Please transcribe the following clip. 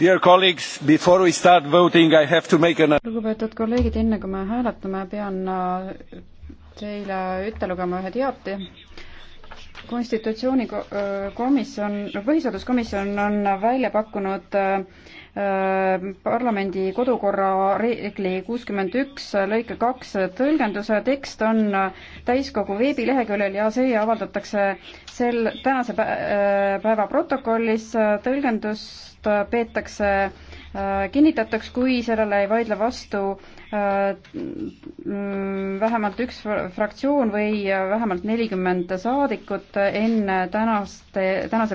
lugupeetud kolleegid, enne kui me hääletame, pean äh, teile ette lugema ühe teate konstitutsiooni komisjon, põhiseaduskomisjon on välja pakkunud parlamendi kodukorra reegli kuuskümmend üks lõike kaks tõlgenduse tekst on täiskogu veebileheküljel ja see avaldatakse sel, tänase päeva protokollis, tõlgendust peetakse Äh, kinnitataks, kui sellele ei vaidle vastu äh, vähemalt üks fraktsioon või äh, vähemalt nelikümmend saadikut enne tänast, tänase